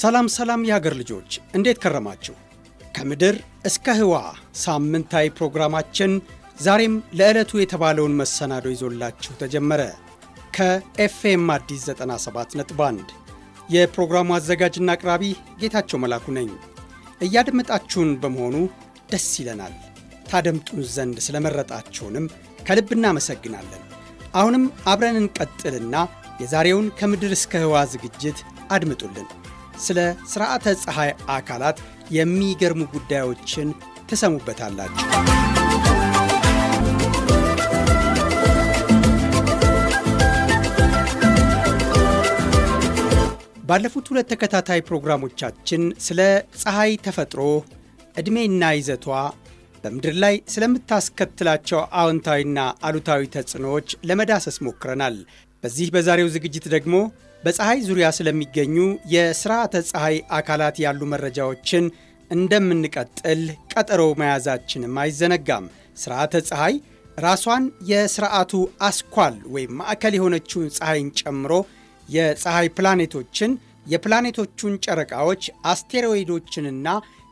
ሰላም ሰላም የሀገር ልጆች እንዴት ከረማችሁ? ከምድር እስከ ህዋ ሳምንታዊ ፕሮግራማችን ዛሬም ለዕለቱ የተባለውን መሰናዶ ይዞላችሁ ተጀመረ። ከኤፍኤም አዲስ 1 የፕሮግራሙ አዘጋጅና አቅራቢ ጌታቸው መላኩ ነኝ። እያደመጣችሁን በመሆኑ ደስ ይለናል። ታደምጡን ዘንድ ስለመረጣችሁንም ከልብ እናመሰግናለን። አሁንም አብረን እንቀጥልና የዛሬውን ከምድር እስከ ህዋ ዝግጅት አድምጡልን። ስለ ሥርዓተ ፀሐይ አካላት የሚገርሙ ጉዳዮችን ትሰሙበታላችሁ። ባለፉት ሁለት ተከታታይ ፕሮግራሞቻችን ስለ ፀሐይ ተፈጥሮ ዕድሜና ይዘቷ በምድር ላይ ስለምታስከትላቸው አዎንታዊና አሉታዊ ተጽዕኖዎች ለመዳሰስ ሞክረናል። በዚህ በዛሬው ዝግጅት ደግሞ በፀሐይ ዙሪያ ስለሚገኙ የስርዓተ ፀሐይ አካላት ያሉ መረጃዎችን እንደምንቀጥል ቀጠሮ መያዛችንም አይዘነጋም። ስርዓተ ፀሐይ ራሷን የስርዓቱ አስኳል ወይም ማዕከል የሆነችውን ፀሐይን ጨምሮ የፀሐይ ፕላኔቶችን፣ የፕላኔቶቹን ጨረቃዎች፣ አስቴሮይዶችንና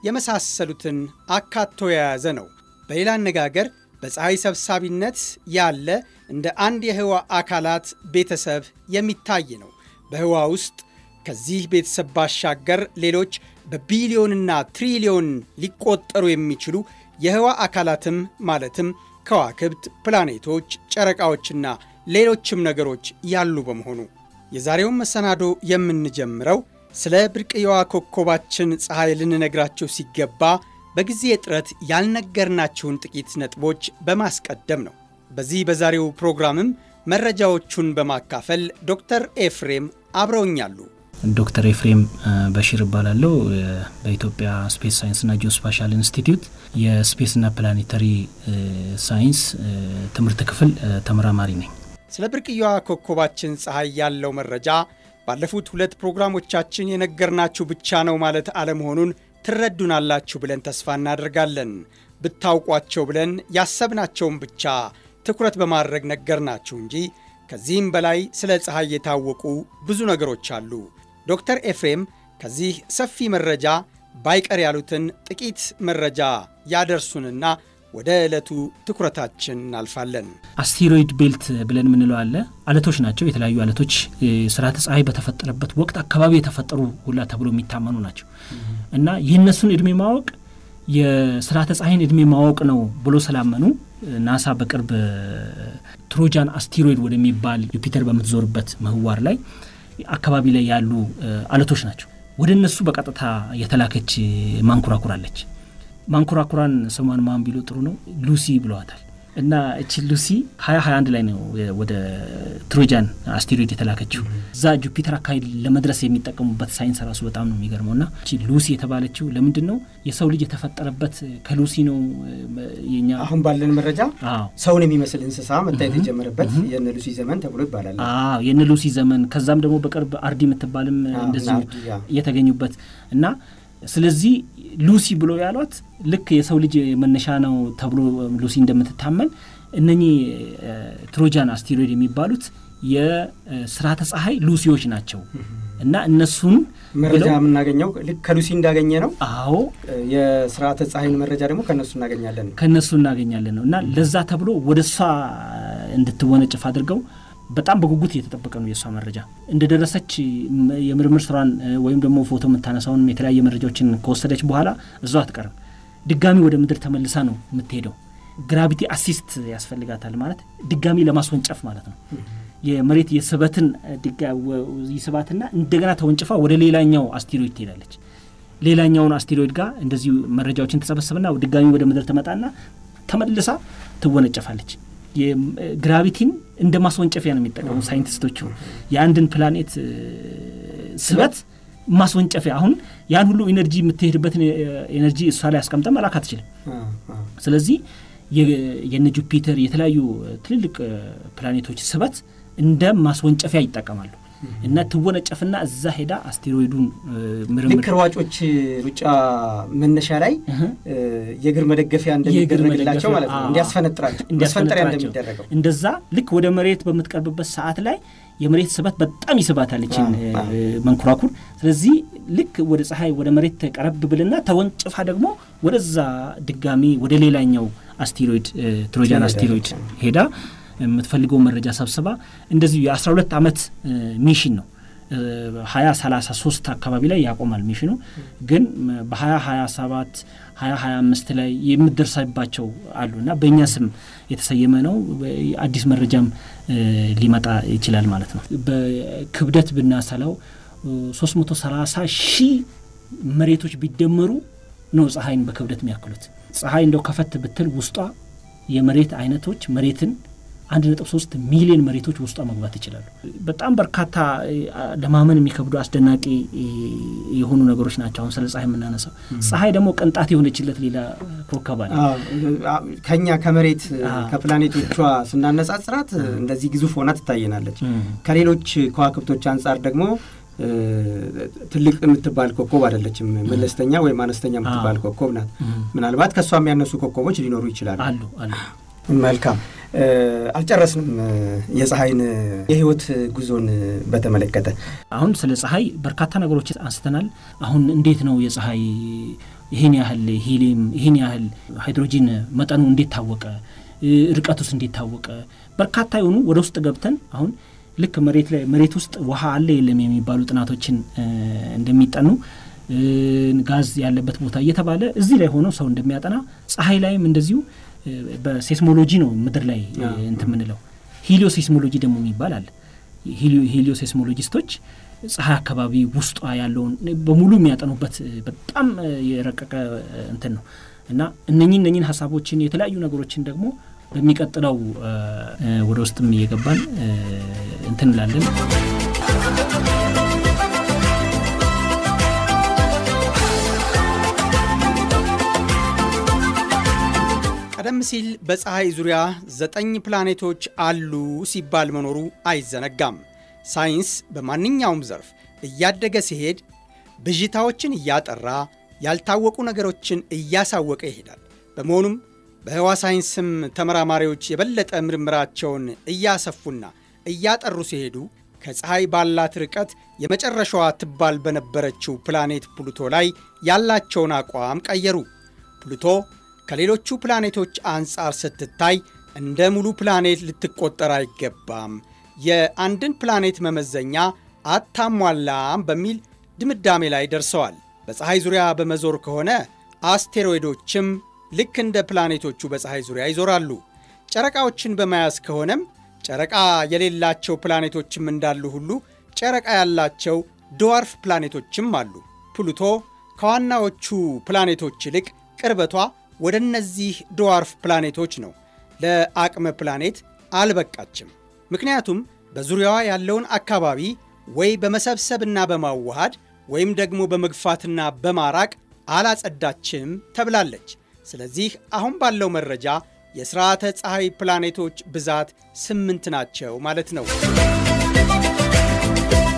የመሳሰሉትን አካቶ የያዘ ነው። በሌላ አነጋገር በፀሐይ ሰብሳቢነት ያለ እንደ አንድ የህዋ አካላት ቤተሰብ የሚታይ ነው። በህዋ ውስጥ ከዚህ ቤተሰብ ባሻገር ሌሎች በቢሊዮንና ትሪሊዮን ሊቆጠሩ የሚችሉ የህዋ አካላትም ማለትም ከዋክብት፣ ፕላኔቶች፣ ጨረቃዎችና ሌሎችም ነገሮች ያሉ በመሆኑ የዛሬውን መሰናዶ የምንጀምረው ስለ ብርቅየዋ ኮከባችን ፀሐይ ልንነግራቸው ሲገባ በጊዜ እጥረት ያልነገርናቸውን ጥቂት ነጥቦች በማስቀደም ነው። በዚህ በዛሬው ፕሮግራምም መረጃዎቹን በማካፈል ዶክተር ኤፍሬም አብረውኛሉ። ዶክተር ኤፍሬም በሺር እባላለሁ። በኢትዮጵያ ስፔስ ሳይንስና ጂኦስፓሻል ኢንስቲትዩት የስፔስና ፕላኔተሪ ሳይንስ ትምህርት ክፍል ተመራማሪ ነኝ። ስለ ብርቅየዋ ኮከባችን ፀሐይ ያለው መረጃ ባለፉት ሁለት ፕሮግራሞቻችን የነገርናችሁ ብቻ ነው ማለት አለመሆኑን ትረዱናላችሁ ብለን ተስፋ እናደርጋለን። ብታውቋቸው ብለን ያሰብናቸውን ብቻ ትኩረት በማድረግ ነገርናችሁ እንጂ ከዚህም በላይ ስለ ፀሐይ የታወቁ ብዙ ነገሮች አሉ። ዶክተር ኤፍሬም ከዚህ ሰፊ መረጃ ባይቀር ያሉትን ጥቂት መረጃ ያደርሱንና ወደ ዕለቱ ትኩረታችን እናልፋለን። አስቴሮይድ ቤልት ብለን የምንለው አለ። አለቶች ናቸው። የተለያዩ አለቶች ስርዓተ ፀሐይ በተፈጠረበት ወቅት አካባቢ የተፈጠሩ ሁላ ተብሎ የሚታመኑ ናቸው እና የእነሱን እድሜ ማወቅ የስርዓተ ፀሐይን እድሜ ማወቅ ነው ብሎ ስላመኑ ናሳ በቅርብ ትሮጃን አስቴሮይድ ወደሚባል ዩፒተር በምትዞርበት ምህዋር ላይ አካባቢ ላይ ያሉ አለቶች ናቸው። ወደ እነሱ በቀጥታ የተላከች ማንኩራኩራለች ማንኩራኩራን ስሟን ማን ቢሉ ጥሩ ነው? ሉሲ ብለዋታል። እና እቺ ሉሲ 221 ላይ ነው ወደ ትሮጃን አስቴሮይድ የተላከችው። እዛ ጁፒተር አካባቢ ለመድረስ የሚጠቀሙበት ሳይንስ ራሱ በጣም ነው የሚገርመው። እና እቺ ሉሲ የተባለችው ለምንድን ነው የሰው ልጅ የተፈጠረበት ከሉሲ ነው። የኛ አሁን ባለን መረጃ ሰውን የሚመስል እንስሳ መታየት የጀመረበት የነ ሉሲ ዘመን ተብሎ ይባላል። የነ ሉሲ ዘመን ከዛም ደግሞ በቅርብ አርዲ የምትባልም እንደዚሁ የተገኙበት እና ስለዚህ ሉሲ ብሎ ያሏት ልክ የሰው ልጅ መነሻ ነው ተብሎ ሉሲ እንደምትታመን እነኚህ ትሮጃን አስቴሮይድ የሚባሉት የስርዓተ ፀሐይ ሉሲዎች ናቸው እና እነሱን መረጃ የምናገኘው ከሉሲ እንዳገኘ ነው። አዎ የስርዓተ ፀሐይን መረጃ ደግሞ ከነሱ እናገኛለን ከነሱ እናገኛለን ነው እና ለዛ ተብሎ ወደ እሷ እንድትወነጭፍ አድርገው በጣም በጉጉት እየተጠበቀ ነው የእሷ መረጃ። እንደደረሰች የምርምር ስራን ወይም ደግሞ ፎቶ የምታነሳውን የተለያየ መረጃዎችን ከወሰደች በኋላ እዛ አትቀርም። ድጋሚ ወደ ምድር ተመልሳ ነው የምትሄደው። ግራቪቲ አሲስት ያስፈልጋታል ማለት ድጋሚ ለማስወንጨፍ ማለት ነው። የመሬት የስበትን ይስባትና እንደገና ተወንጭፋ ወደ ሌላኛው አስቴሮይድ ትሄዳለች። ሌላኛውን አስቴሮይድ ጋር እንደዚሁ መረጃዎችን ተሰበሰብና ድጋሚ ወደ ምድር ትመጣና ተመልሳ ትወነጨፋለች። ግራቪቲን እንደ ማስወንጨፊያ ነው የሚጠቀሙ ሳይንቲስቶቹ የአንድን ፕላኔት ስበት ማስወንጨፊያ አሁን ያን ሁሉ ኤነርጂ የምትሄድበትን ኤነርጂ እሷ ላይ አስቀምጠ መላክ አትችልም። ስለዚህ የነ ጁፒተር የተለያዩ ትልልቅ ፕላኔቶች ስበት እንደ ማስወንጨፊያ ይጠቀማሉ። እና ትወነጨፍና እዛ ሄዳ አስቴሮይዱን ምርምር ልክ ሯጮች ሩጫ መነሻ ላይ የእግር መደገፊያ እንደሚደረግላቸው ማለት ነው፣ እንዲያስፈነጥራቸው እንዲያስፈንጠሪያ እንደሚደረገው እንደዛ ልክ ወደ መሬት በምትቀርብበት ሰዓት ላይ የመሬት ስበት በጣም ይስባታል መንኩራኩር ስለዚህ ልክ ወደ ፀሐይ ወደ መሬት ተቀረብ ብልና ተወንጭፋ ደግሞ ወደዛ ድጋሚ ወደ ሌላኛው አስቴሮይድ ትሮጃን አስቴሮይድ ሄዳ የምትፈልገው መረጃ ሰብስባ እንደዚሁ የአስራ ሁለት ዓመት ሚሽን ነው ሀያ ሰላሳ ሶስት አካባቢ ላይ ያቆማል ሚሽኑ። ግን በሀያ ሀያ ሰባት ሀያ ሀያ አምስት ላይ የምደርሰባቸው አሉ እና በእኛ ስም የተሰየመ ነው። አዲስ መረጃም ሊመጣ ይችላል ማለት ነው። በክብደት ብናሰላው ሶስት መቶ ሰላሳ ሺህ መሬቶች ቢደመሩ ነው ፀሐይን በክብደት የሚያክሉት። ፀሐይ እንደው ከፈት ብትል ውስጧ የመሬት አይነቶች መሬትን አንድ ነጥብ ሶስት ሚሊዮን መሬቶች ውስጧ መግባት ይችላሉ። በጣም በርካታ ለማመን የሚከብዱ አስደናቂ የሆኑ ነገሮች ናቸው። አሁን ስለ ፀሐይ የምናነሳው ፀሐይ ደግሞ ቅንጣት የሆነችለት ሌላ ኮከብ አለ። ከኛ ከመሬት ከፕላኔቶቿ ስናነጻጽራት እንደዚህ ግዙፍ ሆና ትታየናለች። ከሌሎች ከዋክብቶች አንጻር ደግሞ ትልቅ የምትባል ኮከብ አይደለችም። መለስተኛ ወይም አነስተኛ የምትባል ኮከብ ናት። ምናልባት ከእሷ የሚያነሱ ኮከቦች ሊኖሩ ይችላሉ አሉ መልካም አልጨረስንም። የፀሐይን የህይወት ጉዞን በተመለከተ አሁን ስለ ፀሐይ በርካታ ነገሮች አንስተናል። አሁን እንዴት ነው የፀሐይ ይህን ያህል ሂሊም ይህን ያህል ሃይድሮጂን መጠኑ እንዴት ታወቀ? ርቀቱስ እንዴት ታወቀ? በርካታ የሆኑ ወደ ውስጥ ገብተን አሁን ልክ መሬት ላይ መሬት ውስጥ ውሃ አለ የለም የሚባሉ ጥናቶችን እንደሚጠኑ ጋዝ ያለበት ቦታ እየተባለ እዚህ ላይ ሆነው ሰው እንደሚያጠና ፀሐይ ላይም እንደዚሁ በሴስሞሎጂ ነው ምድር ላይ እንት ምንለው። ሂሊዮ ሴስሞሎጂ ደግሞ የሚባል አለ። ሂሊዮ ሴስሞሎጂስቶች ፀሐይ አካባቢ ውስጧ ያለውን በሙሉ የሚያጠኑበት በጣም የረቀቀ እንትን ነው እና እነኝን እነኝን ሀሳቦችን የተለያዩ ነገሮችን ደግሞ በሚቀጥለው ወደ ውስጥም እየገባን እንትን እንላለን። ቀደም ሲል በፀሐይ ዙሪያ ዘጠኝ ፕላኔቶች አሉ ሲባል መኖሩ አይዘነጋም። ሳይንስ በማንኛውም ዘርፍ እያደገ ሲሄድ ብዥታዎችን እያጠራ ያልታወቁ ነገሮችን እያሳወቀ ይሄዳል። በመሆኑም በሕዋ ሳይንስም ተመራማሪዎች የበለጠ ምርምራቸውን እያሰፉና እያጠሩ ሲሄዱ ከፀሐይ ባላት ርቀት የመጨረሻዋ ትባል በነበረችው ፕላኔት ፕሉቶ ላይ ያላቸውን አቋም ቀየሩ። ፕሉቶ ከሌሎቹ ፕላኔቶች አንጻር ስትታይ እንደ ሙሉ ፕላኔት ልትቆጠር አይገባም። የአንድን ፕላኔት መመዘኛ አታሟላም በሚል ድምዳሜ ላይ ደርሰዋል። በፀሐይ ዙሪያ በመዞር ከሆነ አስቴሮይዶችም ልክ እንደ ፕላኔቶቹ በፀሐይ ዙሪያ ይዞራሉ። ጨረቃዎችን በመያዝ ከሆነም ጨረቃ የሌላቸው ፕላኔቶችም እንዳሉ ሁሉ ጨረቃ ያላቸው ድዋርፍ ፕላኔቶችም አሉ። ፕሉቶ ከዋናዎቹ ፕላኔቶች ይልቅ ቅርበቷ ወደ እነዚህ ድዋርፍ ፕላኔቶች ነው። ለአቅመ ፕላኔት አልበቃችም። ምክንያቱም በዙሪያዋ ያለውን አካባቢ ወይ በመሰብሰብና በማዋሃድ ወይም ደግሞ በመግፋትና በማራቅ አላጸዳችም ተብላለች። ስለዚህ አሁን ባለው መረጃ የሥርዓተ ፀሐይ ፕላኔቶች ብዛት ስምንት ናቸው ማለት ነው።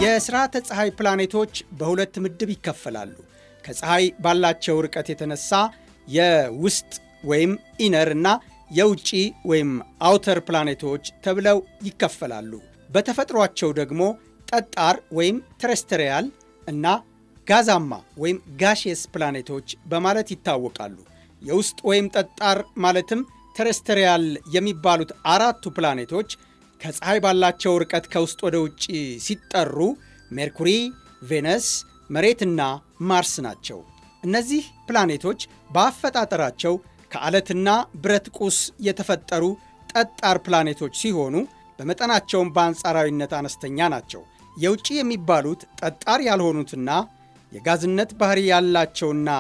የሥርዓተ ፀሐይ ፕላኔቶች በሁለት ምድብ ይከፈላሉ። ከፀሐይ ባላቸው ርቀት የተነሳ የውስጥ ወይም ኢነር እና የውጪ ወይም አውተር ፕላኔቶች ተብለው ይከፈላሉ። በተፈጥሯቸው ደግሞ ጠጣር ወይም ተረስተሪያል እና ጋዛማ ወይም ጋሼስ ፕላኔቶች በማለት ይታወቃሉ። የውስጥ ወይም ጠጣር ማለትም ተረስተሪያል የሚባሉት አራቱ ፕላኔቶች ከፀሐይ ባላቸው ርቀት ከውስጥ ወደ ውጭ ሲጠሩ ሜርኩሪ፣ ቬነስ፣ መሬትና ማርስ ናቸው። እነዚህ ፕላኔቶች በአፈጣጠራቸው ከዓለትና ብረት ቁስ የተፈጠሩ ጠጣር ፕላኔቶች ሲሆኑ በመጠናቸውም በአንጻራዊነት አነስተኛ ናቸው። የውጭ የሚባሉት ጠጣር ያልሆኑትና የጋዝነት ባህሪ ያላቸውና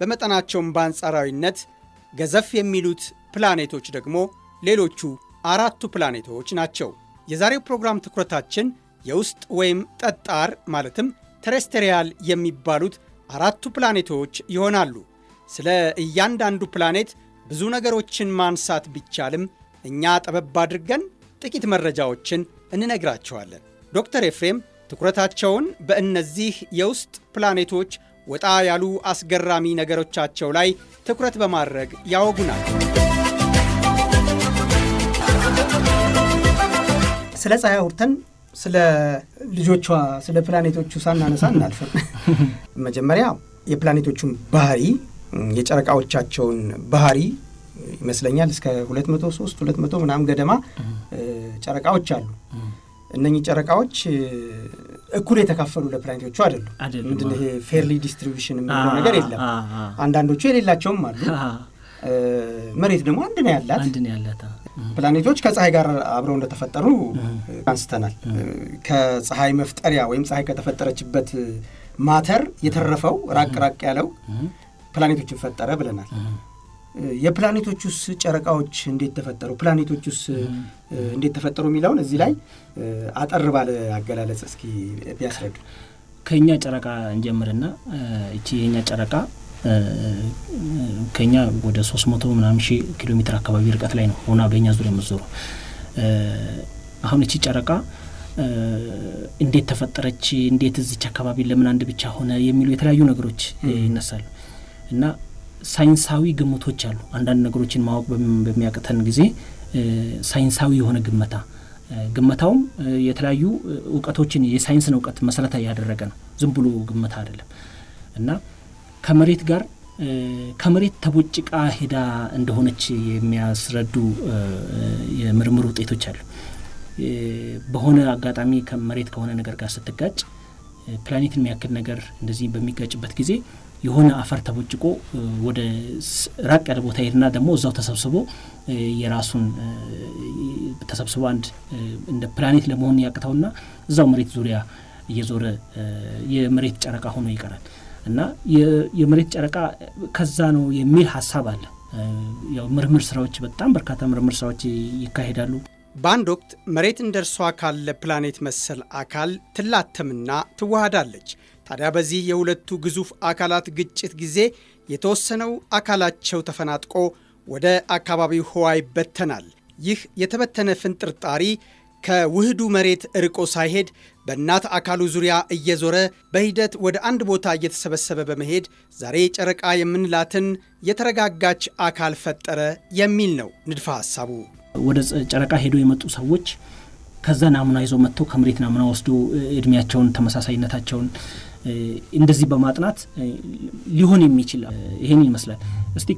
በመጠናቸውም በአንጻራዊነት ገዘፍ የሚሉት ፕላኔቶች ደግሞ ሌሎቹ አራቱ ፕላኔቶች ናቸው። የዛሬው ፕሮግራም ትኩረታችን የውስጥ ወይም ጠጣር ማለትም ተሬስትሪያል የሚባሉት አራቱ ፕላኔቶች ይሆናሉ። ስለ እያንዳንዱ ፕላኔት ብዙ ነገሮችን ማንሳት ቢቻልም እኛ ጠበብ አድርገን ጥቂት መረጃዎችን እንነግራቸዋለን። ዶክተር ኤፍሬም ትኩረታቸውን በእነዚህ የውስጥ ፕላኔቶች ወጣ ያሉ አስገራሚ ነገሮቻቸው ላይ ትኩረት በማድረግ ያወጉናል። ስለ ፀሐይ አውርተን ስለ ልጆቿ ስለ ፕላኔቶቹ ሳናነሳ እናልፍም። መጀመሪያ የፕላኔቶቹን ባህሪ የጨረቃዎቻቸውን ባህሪ ይመስለኛል እስከ ሁለት መቶ ሶስት ሁለት መቶ ምናምን ገደማ ጨረቃዎች አሉ። እነኚህ ጨረቃዎች እኩል የተካፈሉ ለፕላኔቶቹ አይደሉም። ምንድን ይሄ ፌርሊ ዲስትሪቢሽን የሚለው ነገር የለም። አንዳንዶቹ የሌላቸውም አሉ። መሬት ደግሞ አንድ ነው ያላት ፕላኔቶች ከፀሐይ ጋር አብረው እንደተፈጠሩ አንስተናል። ከፀሐይ መፍጠሪያ ወይም ፀሐይ ከተፈጠረችበት ማተር የተረፈው ራቅ ራቅ ያለው ፕላኔቶችን ፈጠረ ብለናል። የፕላኔቶቹስ ጨረቃዎች እንዴት ተፈጠሩ? ፕላኔቶቹስ እንዴት ተፈጠሩ የሚለውን እዚህ ላይ አጠር ባለ አገላለጽ እስኪ ቢያስረዱ። ከእኛ ጨረቃ እንጀምርና እቺ የኛ ጨረቃ ከኛ ወደ ሶስት መቶ ምናምን ሺህ ኪሎ ሜትር አካባቢ ርቀት ላይ ነው ሆና በእኛ ዙሪያ የምትዞሩ። አሁን እቺ ጨረቃ እንዴት ተፈጠረች፣ እንዴት እዚች አካባቢ ለምን አንድ ብቻ ሆነ የሚሉ የተለያዩ ነገሮች ይነሳሉ እና ሳይንሳዊ ግምቶች አሉ። አንዳንድ ነገሮችን ማወቅ በሚያቅተን ጊዜ ሳይንሳዊ የሆነ ግመታ ግመታውም የተለያዩ እውቀቶችን የሳይንስን እውቀት መሰረታዊ ያደረገ ነው። ዝም ብሎ ግመታ አይደለም እና ከመሬት ጋር ከመሬት ተቦጭቃ ሄዳ እንደሆነች የሚያስረዱ የምርምር ውጤቶች አሉ። በሆነ አጋጣሚ ከመሬት ከሆነ ነገር ጋር ስትጋጭ ፕላኔትን የሚያክል ነገር እንደዚህ በሚጋጭበት ጊዜ የሆነ አፈር ተቦጭቆ ወደ ራቅ ያለ ቦታ ሄድና ደግሞ እዛው ተሰብስቦ የራሱን ተሰብስቦ አንድ እንደ ፕላኔት ለመሆን ያቅተውና እዛው መሬት ዙሪያ እየዞረ የመሬት ጨረቃ ሆኖ ይቀራል። እና የመሬት ጨረቃ ከዛ ነው የሚል ሀሳብ አለ። ያው ምርምር ስራዎች በጣም በርካታ ምርምር ስራዎች ይካሄዳሉ። በአንድ ወቅት መሬት እንደ እርሷ ካለ ፕላኔት መሰል አካል ትላተምና ትዋሃዳለች። ታዲያ በዚህ የሁለቱ ግዙፍ አካላት ግጭት ጊዜ የተወሰነው አካላቸው ተፈናጥቆ ወደ አካባቢው ህዋ ይበተናል። ይህ የተበተነ ፍንጥርጣሪ ከውህዱ መሬት እርቆ ሳይሄድ በእናት አካሉ ዙሪያ እየዞረ በሂደት ወደ አንድ ቦታ እየተሰበሰበ በመሄድ ዛሬ ጨረቃ የምንላትን የተረጋጋች አካል ፈጠረ የሚል ነው ንድፈ ሀሳቡ ወደ ጨረቃ ሄዶ የመጡ ሰዎች ከዛ ናሙና ይዞ መጥተው ከመሬት ናሙና ወስዶ እድሜያቸውን፣ ተመሳሳይነታቸውን እንደዚህ በማጥናት ሊሆን የሚችል ይሄን ይመስላል። እስቲ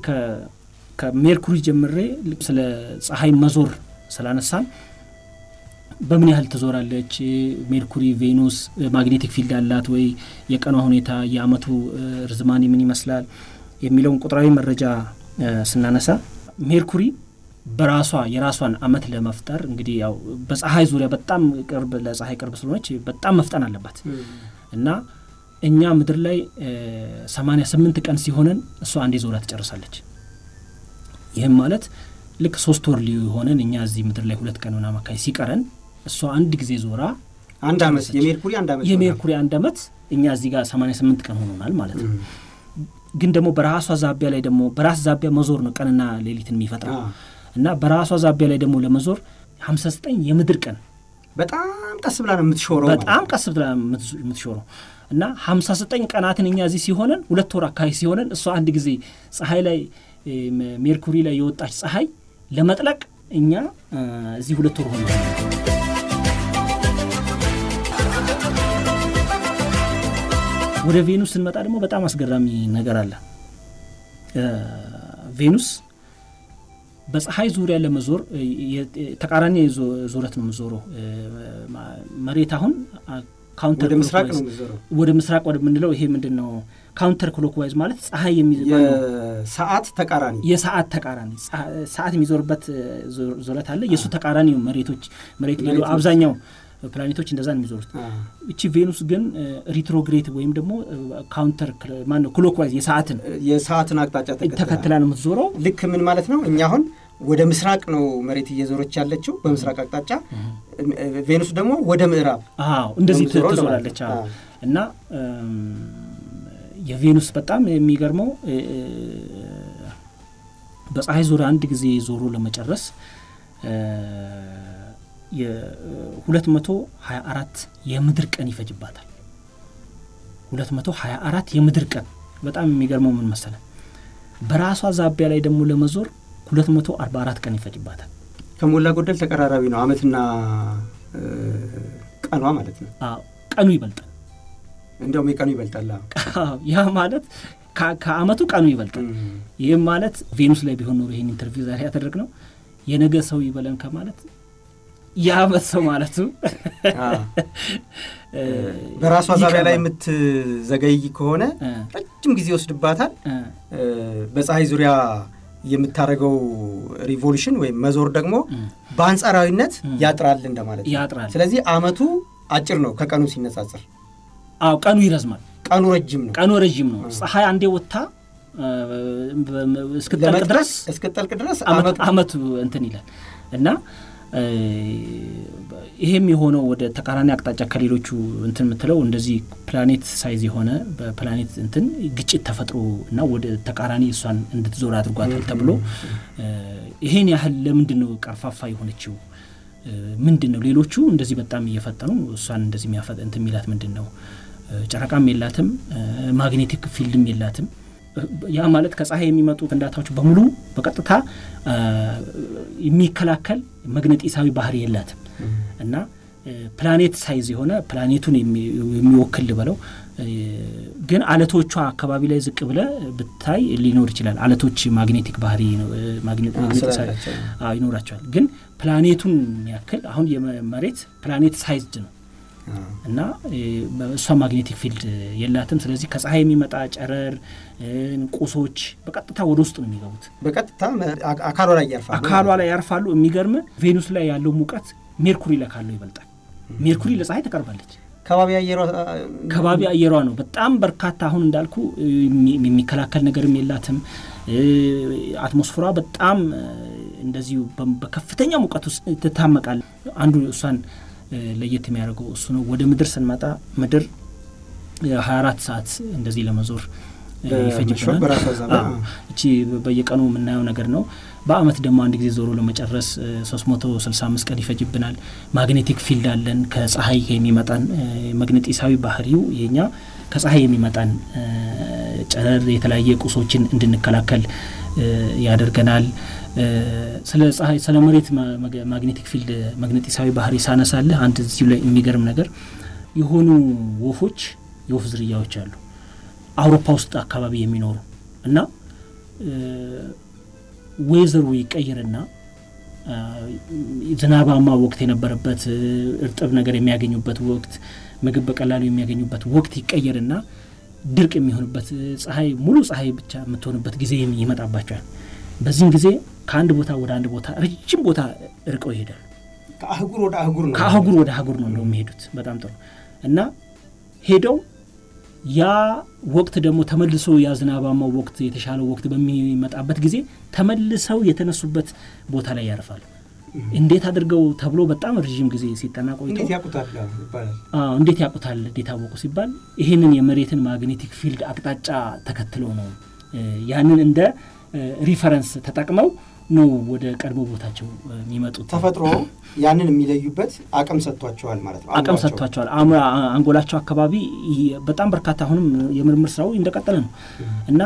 ከሜርኩሪ ጀምሬ ስለ ፀሐይ መዞር ስላነሳን በምን ያህል ትዞራለች? ሜርኩሪ፣ ቬኑስ ማግኔቲክ ፊልድ አላት ወይ? የቀኗ ሁኔታ፣ የአመቱ ርዝማኔ ምን ይመስላል የሚለውን ቁጥራዊ መረጃ ስናነሳ ሜርኩሪ በራሷ የራሷን አመት ለመፍጠር እንግዲህ ያው በፀሐይ ዙሪያ በጣም ቅርብ ለፀሐይ ቅርብ ስለሆነች በጣም መፍጠን አለባት እና እኛ ምድር ላይ ሰማንያ ስምንት ቀን ሲሆነን እሷ አንዴ ዞራ ትጨርሳለች። ይህም ማለት ልክ ሶስት ወር ሊሆነን እኛ እዚህ ምድር ላይ ሁለት ቀን ምናምን አካባቢ ሲቀረን እሷ አንድ ጊዜ ዞራ አንድ ዓመት የሜርኩሪ አንድ ዓመት የሜርኩሪ አንድ ዓመት እኛ እዚህ ጋር 88 ቀን ሆኖናል ማለት ነው። ግን ደግሞ በራሷ ዛቢያ ላይ ደግሞ በራስ ዛቢያ መዞር ነው ቀንና ሌሊትን የሚፈጥረው እና በራሷ ዛቢያ ላይ ደግሞ ለመዞር 59 የምድር ቀን በጣም ቀስ ብላ ነው የምትሾረው፣ በጣም ቀስ ብላ የምትሾረው እና 59 ቀናትን እኛ እዚህ ሲሆነን ሁለት ወር አካባቢ ሲሆነን እሷ አንድ ጊዜ ፀሐይ ላይ ሜርኩሪ ላይ የወጣች ፀሐይ ለመጥለቅ እኛ እዚህ ሁለት ወር ሆነ። ወደ ቬኑስ ስንመጣ ደግሞ በጣም አስገራሚ ነገር አለ። ቬኑስ በፀሐይ ዙሪያ ለመዞር ተቃራኒ ዙረት ነው ምዞሮ መሬት አሁን ወደ ምስራቅ ምንለው ይሄ ምንድን ነው? ካውንተር ክሎክዋይዝ ማለት ፀሐይ የሰዓት ተቃራኒ የሰዓት ተቃራኒ ሰዓት የሚዞርበት ዙረት አለ። የእሱ ተቃራኒ መሬቶች መሬት አብዛኛው ፕላኔቶች እንደዛ ነው የሚዞሩት። እቺ ቬኑስ ግን ሪትሮግሬት ወይም ደግሞ ካውንተር ማነው ክሎክዋይዝ የሰዓትን የሰዓትን አቅጣጫ ተከትላ ነው የምትዞረው። ልክ ምን ማለት ነው? እኛ አሁን ወደ ምስራቅ ነው መሬት እየዞረች ያለችው በምስራቅ አቅጣጫ፣ ቬኑስ ደግሞ ወደ ምዕራብ እንደዚህ ትዞራለች እና የቬኑስ በጣም የሚገርመው በፀሐይ ዙሪያ አንድ ጊዜ ዞሮ ለመጨረስ የ224 የምድር ቀን ይፈጅባታል። 224 የምድር ቀን በጣም የሚገርመው ምን መሰለ፣ በራሷ ዛቢያ ላይ ደግሞ ለመዞር 244 ቀን ይፈጅባታል። ከሞላ ጎደል ተቀራራቢ ነው አመትና ቀኗ ማለት ነው። ቀኑ ይበልጣል፣ እንዲያውም የቀኑ ይበልጣል። ያ ማለት ከአመቱ ቀኑ ይበልጣል። ይህም ማለት ቬኑስ ላይ ቢሆን ኖሮ ይህን ኢንተርቪው ዛሬ ነው የነገ ሰው ይበለን ከማለት የአመት ሰው ማለት ነው። በራሷ ዛቢያ ላይ የምትዘገይ ከሆነ ረጅም ጊዜ ይወስድባታል። በፀሐይ ዙሪያ የምታደርገው ሪቮሉሽን ወይም መዞር ደግሞ በአንጻራዊነት ያጥራል እንደማለት ያጥራል። ስለዚህ አመቱ አጭር ነው ከቀኑ ሲነጻጽር። አዎ ቀኑ ይረዝማል። ቀኑ ረጅም ነው። ቀኑ ረጅም ነው። ፀሐይ አንዴ ወጥታ እስክጠልቅ ድረስ እስክጠልቅ ድረስ አመቱ እንትን ይላል እና ይሄም የሆነው ወደ ተቃራኒ አቅጣጫ ከሌሎቹ እንትን የምትለው እንደዚህ ፕላኔት ሳይዝ የሆነ በፕላኔት እንትን ግጭት ተፈጥሮ እና ወደ ተቃራኒ እሷን እንድትዞር አድርጓታል ተብሎ ይሄን ያህል ለምንድን ነው ቀርፋፋ የሆነችው? ምንድን ነው ሌሎቹ እንደዚህ በጣም እየፈጠኑ እሷን እንደዚህ የሚያፈጥ እንትን የሚላት ምንድን ነው? ጨረቃም የላትም ማግኔቲክ ፊልድም የላትም ያ ማለት ከፀሐይ የሚመጡ ፍንዳታዎች በሙሉ በቀጥታ የሚከላከል መግነጢሳዊ ባህሪ የላትም እና ፕላኔት ሳይዝ የሆነ ፕላኔቱን የሚወክል ልበለው ግን አለቶቿ አካባቢ ላይ ዝቅ ብለ ብታይ ሊኖር ይችላል። አለቶች ማግኔቲክ ባህሪ ይኖራቸዋል። ግን ፕላኔቱን ያክል አሁን የመሬት ፕላኔት ሳይዝድ ነው እና እሷ ማግኔቲክ ፊልድ የላትም። ስለዚህ ከፀሐይ የሚመጣ ጨረር፣ ቁሶች በቀጥታ ወደ ውስጥ ነው የሚገቡት። በቀጥታ አካሏ ላይ ያርፋሉ አካሏ ላይ ያርፋሉ። የሚገርም ቬኑስ ላይ ያለው ሙቀት ሜርኩሪ ለካለው ይበልጣል። ሜርኩሪ ለፀሐይ ተቀርባለች። ከባቢ አየሯ ነው በጣም በርካታ። አሁን እንዳልኩ የሚከላከል ነገርም የላትም። አትሞስፌሯ በጣም እንደዚሁ በከፍተኛ ሙቀት ውስጥ ትታመቃል። አንዱ እሷን ለየት የሚያደርገው እሱ ነው። ወደ ምድር ስንመጣ ምድር ሀያ አራት ሰዓት እንደዚህ ለመዞር ይፈጅብናል። በየቀኑ የምናየው ነገር ነው። በአመት ደግሞ አንድ ጊዜ ዞሮ ለመጨረስ 365 ቀን ይፈጅብናል። ማግኔቲክ ፊልድ አለን። ከፀሀይ የሚመጣን መግነጢሳዊ ባህሪው የኛ ከፀሀይ የሚመጣን ጨረር የተለያየ ቁሶችን እንድንከላከል ያደርገናል። ስለ ፀሐይ ስለ መሬት ማግኔቲክ ፊልድ መግነጢሳዊ ባህሪ ሳነሳለህ አንድ እዚሁ ላይ የሚገርም ነገር የሆኑ ወፎች የወፍ ዝርያዎች አሉ አውሮፓ ውስጥ አካባቢ የሚኖሩ እና ዌዘሩ ይቀይርና ዝናባማ ወቅት የነበረበት እርጥብ ነገር የሚያገኙበት ወቅት ምግብ በቀላሉ የሚያገኙበት ወቅት ይቀየርና ድርቅ የሚሆንበት ፀሐይ ሙሉ ፀሐይ ብቻ የምትሆንበት ጊዜ ይመጣባቸዋል በዚህም ጊዜ ከአንድ ቦታ ወደ አንድ ቦታ ረጅም ቦታ እርቀው ይሄዳል። ከአህጉር ወደ አህጉር ነው ከአህጉር ወደ አህጉር ነው የሚሄዱት። በጣም ጥሩ እና ሄደው ያ ወቅት ደግሞ ተመልሶ ያ ወቅት የተሻለው ወቅት በሚመጣበት ጊዜ ተመልሰው የተነሱበት ቦታ ላይ ያርፋል። እንዴት አድርገው ተብሎ በጣም ረዥም ጊዜ ሲጠና እንዴት ያቁታል የታወቁ ሲባል ይህንን የመሬትን ማግኔቲክ ፊልድ አቅጣጫ ተከትሎ ነው ያንን እንደ ሪፈረንስ ተጠቅመው ነው ወደ ቀድሞ ቦታቸው የሚመጡት። ተፈጥሮ ያንን የሚለዩበት አቅም ሰጥቷቸዋል ማለት ነው። አቅም ሰጥቷቸዋል። አንጎላቸው አካባቢ በጣም በርካታ አሁንም የምርምር ስራው እንደቀጠለ ነው እና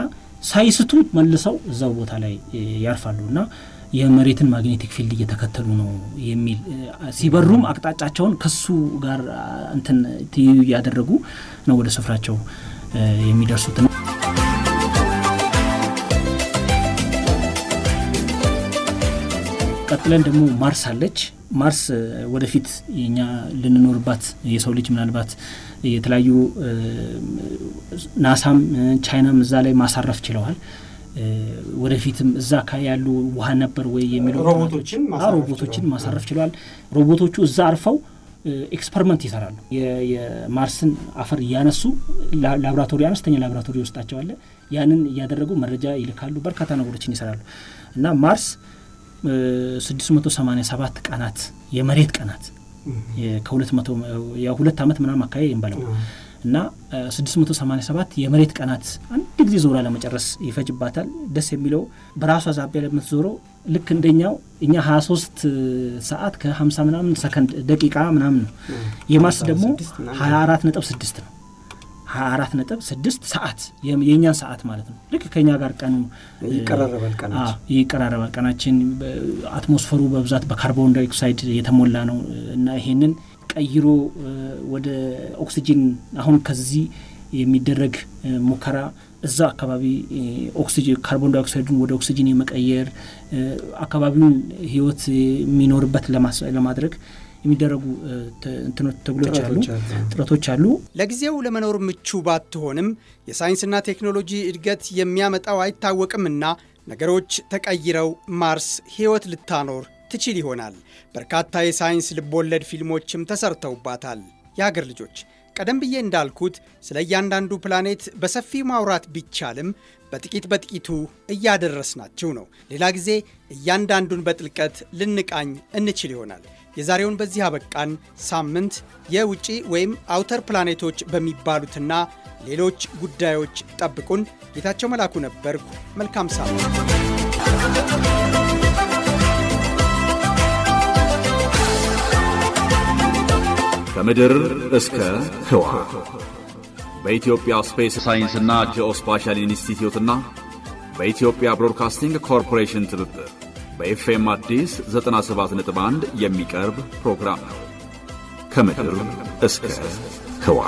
ሳይስቱ መልሰው እዛው ቦታ ላይ ያርፋሉ እና የመሬትን ማግኔቲክ ፊልድ እየተከተሉ ነው የሚል ሲበሩም አቅጣጫቸውን ከሱ ጋር እንትን ትይዩ እያደረጉ ነው ወደ ስፍራቸው የሚደርሱት። ቀጥለን ደግሞ ማርስ አለች። ማርስ ወደፊት የኛ ልንኖርባት የሰው ልጅ ምናልባት የተለያዩ ናሳም ቻይናም እዛ ላይ ማሳረፍ ችለዋል። ወደፊትም እዛ ካ ያሉ ውሃ ነበር ወይ የሚለው ሮቦቶችን ማሳረፍ ችለዋል። ሮቦቶቹ እዛ አርፈው ኤክስፐሪመንት ይሰራሉ። የማርስን አፈር እያነሱ ላቦራቶሪ፣ አነስተኛ ላቦራቶሪ ውስጣቸው አለ። ያንን እያደረጉ መረጃ ይልካሉ። በርካታ ነገሮችን ይሰራሉ እና ማርስ 687 ቀናት የመሬት ቀናት ከሁለት መቶ የሁለት ዓመት ምናም አካባቢ ይንበለው እና 687 የመሬት ቀናት አንድ ጊዜ ዞራ ለመጨረስ ይፈጅባታል። ደስ የሚለው በራሷ ዛቢያ ለምትዞረው ልክ እንደኛው እኛ 23 ሰዓት ከ50 ምናምን ሰከንድ ደቂቃ ምናምን ነው። የማርስ ደግሞ 24 ነጥብ 6 ነው። 24 ነጥብ 6 ሰዓት የእኛን ሰዓት ማለት ነው። ልክ ከኛ ጋር ቀኑ ይቀራረባል። ቀናችን አትሞስፈሩ በብዛት በካርቦን ዳይኦክሳይድ የተሞላ ነው እና ይሄንን ቀይሮ ወደ ኦክሲጂን አሁን ከዚህ የሚደረግ ሙከራ እዛ አካባቢ ካርቦን ዳይኦክሳይድን ወደ ኦክሲጂን የመቀየር አካባቢውን ህይወት የሚኖርበት ለማድረግ የሚደረጉ ተግሎች አሉ፣ ጥረቶች አሉ። ለጊዜው ለመኖር ምቹ ባትሆንም የሳይንስና ቴክኖሎጂ እድገት የሚያመጣው አይታወቅምና ነገሮች ተቀይረው ማርስ ህይወት ልታኖር ትችል ይሆናል። በርካታ የሳይንስ ልቦወለድ ፊልሞችም ተሰርተውባታል። የሀገር ልጆች ቀደም ብዬ እንዳልኩት ስለ እያንዳንዱ ፕላኔት በሰፊ ማውራት ቢቻልም በጥቂት በጥቂቱ እያደረስናችሁ ነው። ሌላ ጊዜ እያንዳንዱን በጥልቀት ልንቃኝ እንችል ይሆናል። የዛሬውን በዚህ አበቃን። ሳምንት የውጪ ወይም አውተር ፕላኔቶች በሚባሉትና ሌሎች ጉዳዮች ጠብቁን። ጌታቸው መላኩ ነበርኩ። መልካም ሳምንት። ከምድር እስከ ህዋ በኢትዮጵያ ስፔስ ሳይንስና ጂኦስፓሻል ኢንስቲትዩትና በኢትዮጵያ ብሮድካስቲንግ ኮርፖሬሽን ትብብር በኤፍኤም አዲስ 97.1 የሚቀርብ ፕሮግራም ነው። ከምድር እስከ ህዋ